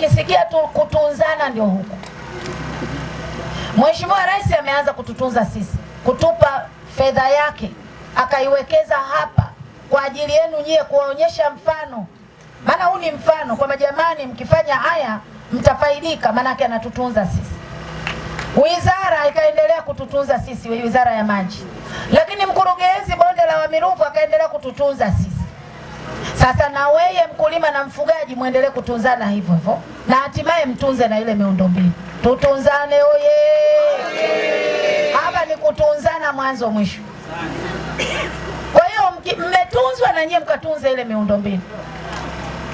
ukisikia tu kutunzana ndio huko. Mheshimiwa Rais ameanza kututunza sisi, kutupa fedha yake akaiwekeza hapa kwa ajili yenu nyie, kuwaonyesha mfano. Maana huu ni mfano kwamba jamani, mkifanya haya mtafaidika, maanake anatutunza sisi. Wizara ikaendelea kututunza sisi, wizara ya maji, lakini mkurugenzi bonde la wamirufu akaendelea kututunza sisi sasa na weye mkulima na mfugaji muendelee kutunzana hivyo hivyo, na hatimaye mtunze na ile miundombinu. Tutunzane oye! Hapa ni kutunzana mwanzo mwisho. Kwa hiyo mmetunzwa na nyie mkatunze ile miundombinu,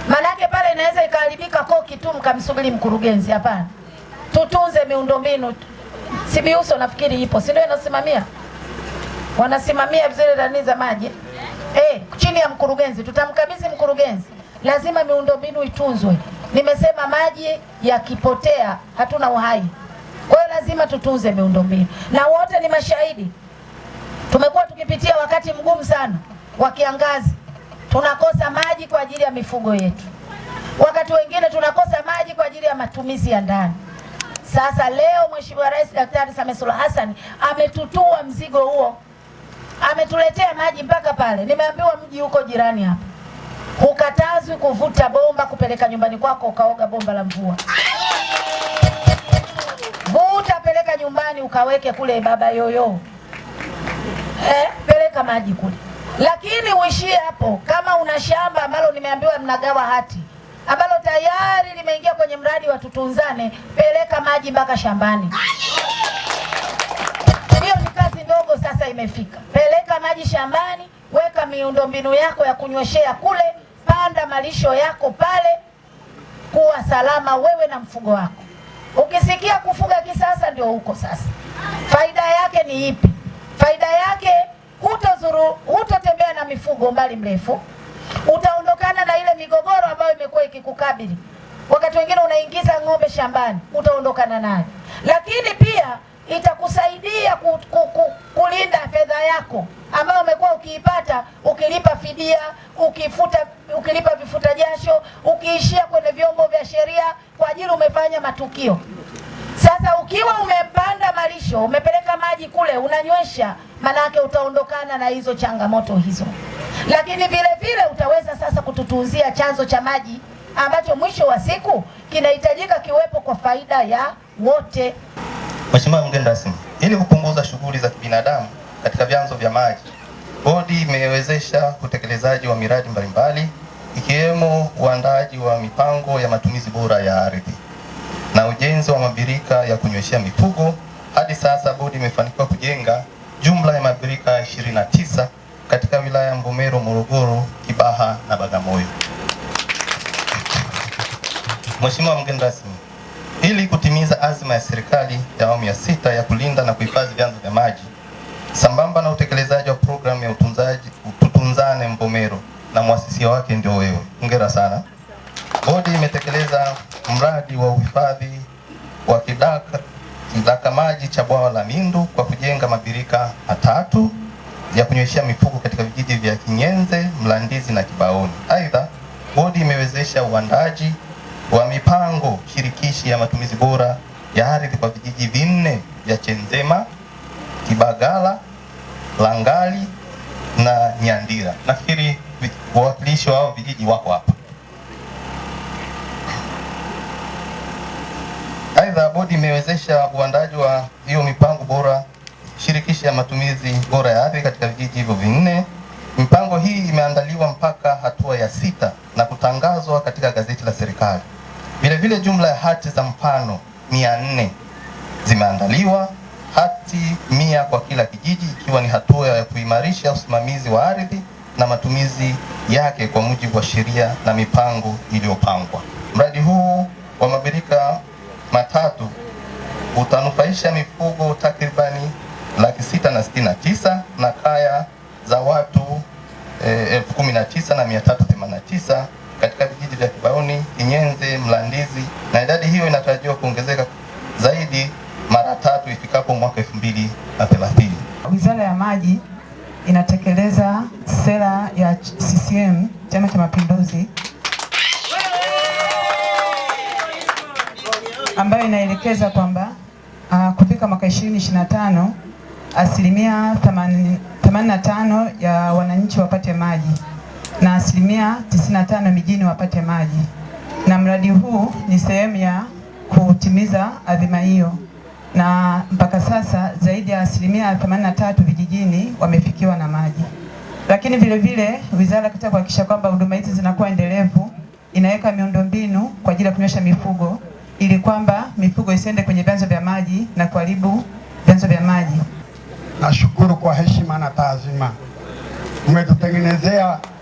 manake pale inaweza ikaharibika koki tu mkamsubiri mkurugenzi. Hapana, tutunze miundombinu. Sibiuso nafikiri ipo, si ndio inasimamia, wanasimamia zile ndani za maji eh, chini ya mkurugenzi, tutamkabidhi mkurugenzi. Lazima miundombinu itunzwe. Nimesema maji yakipotea hatuna uhai, kwa hiyo lazima tutunze miundombinu, na wote ni mashahidi. Tumekuwa tukipitia wakati mgumu sana wa kiangazi, tunakosa maji kwa ajili ya mifugo yetu, wakati wengine tunakosa maji kwa ajili ya matumizi ya ndani. Sasa leo Mheshimiwa Rais Daktari Samia Suluhu Hassan ametutua mzigo huo ametuletea maji mpaka pale. Nimeambiwa mji huko jirani hapa, hukatazwi kuvuta bomba kupeleka nyumbani kwako ukaoga bomba la mvua. Vuta peleka nyumbani ukaweke kule baba yoyo, eh, peleka maji kule, lakini uishie hapo. Kama una shamba ambalo nimeambiwa mnagawa hati ambalo tayari limeingia kwenye mradi wa Tutunzane, peleka maji mpaka shambani. Afrika imefika. Peleka maji shambani, weka miundombinu yako ya kunyweshea kule, panda malisho yako pale, kuwa salama wewe na mfugo wako. Ukisikia kufuga kisasa, ndio huko sasa. Faida yake ni ipi? Faida yake hutozuru, hutotembea na mifugo mbali mrefu, utaondokana na ile migogoro ambayo imekuwa ikikukabili. Wakati wengine unaingiza ng'ombe shambani, utaondokana nayo, lakini pia umefanya matukio. Sasa ukiwa umepanda malisho, umepeleka maji kule, unanywesha, manake utaondokana na hizo changamoto hizo, lakini vile vile utaweza sasa kututunzia chanzo cha maji ambacho mwisho wa siku kinahitajika kiwepo kwa faida ya wote. Mheshimiwa mgeni rasmi, ili kupunguza shughuli za kibinadamu katika vyanzo vya maji, bodi imewezesha utekelezaji wa miradi mbalimbali ikiwemo uandaaji wa mipango ya matumizi bora ya ardhi ujenzi wa mabirika ya kunyweshea mifugo. Hadi sasa bodi imefanikiwa kujenga jumla ya mabirika 29 katika wilaya ya Mvomero, Morogoro, Kibaha na Bagamoyo. Mheshimiwa mgeni rasmi, ili kutimiza azma ya serikali ya awamu ya sita ya kulinda na kuhifadhi vyanzo vya maji sambamba na utekelezaji wa programu ya utunzaji Tutunzane Mvomero na mwasisi wake ndio wewe, hongera sana. Bodi imetekeleza mradi wa uhifadhi wa kidaka, kidaka maji cha bwawa la Mindu kwa kujenga mabirika matatu ya kunyweshea mifugo katika vijiji vya Kinyenze, Mlandizi na Kibaoni. Aidha, bodi imewezesha uandaji wa mipango shirikishi ya matumizi bora ya ardhi kwa vijiji vinne vya Chenzema, Kibagala, Langali na Nyandira. Nafikiri wawakilishi wao vijiji wako hapa. Aidha, bodi imewezesha uandaji wa hiyo mipango bora shirikishi ya matumizi bora ya ardhi katika vijiji hivyo vinne. Mipango hii imeandaliwa mpaka hatua ya sita na kutangazwa katika gazeti la serikali. Vile vile jumla ya hati za mfano mia nne zimeandaliwa hati mia kwa kila kijiji, ikiwa ni hatua ya kuimarisha usimamizi wa ardhi na matumizi yake kwa mujibu wa sheria na mipango iliyopangwa. Mradi huu wa mabirika matatu utanufaisha mifugo takribani laki sita na sitini na tisa na kaya za watu eh, elfu kumi na tisa na mia tatu themanini na tisa katika vijiji vya Kibaoni, Kinyenze, Mlandizi na idadi hiyo inatarajiwa kuongezeka zaidi mara tatu ifikapo mwaka elfu mbili na thelathini. Wizara ya Maji inatekeleza sera ya CCM, Chama cha Mapinduzi ambayo inaelekeza kwamba ah, kufika mwaka 2025 asilimia 85 ya wananchi wapate maji na asilimia 95 mijini wapate maji, na mradi huu ni sehemu ya kutimiza adhima hiyo, na mpaka sasa zaidi ya asilimia 83 vijijini wamefikiwa na maji. Lakini vile vile wizara katika kuhakikisha kwamba huduma hizi zinakuwa endelevu inaweka miundombinu kwa ajili ya kunywesha mifugo ili kwamba mifugo isiende kwenye vyanzo vya maji na kuharibu vyanzo vya maji. Nashukuru kwa heshima na taazima mmetutengenezea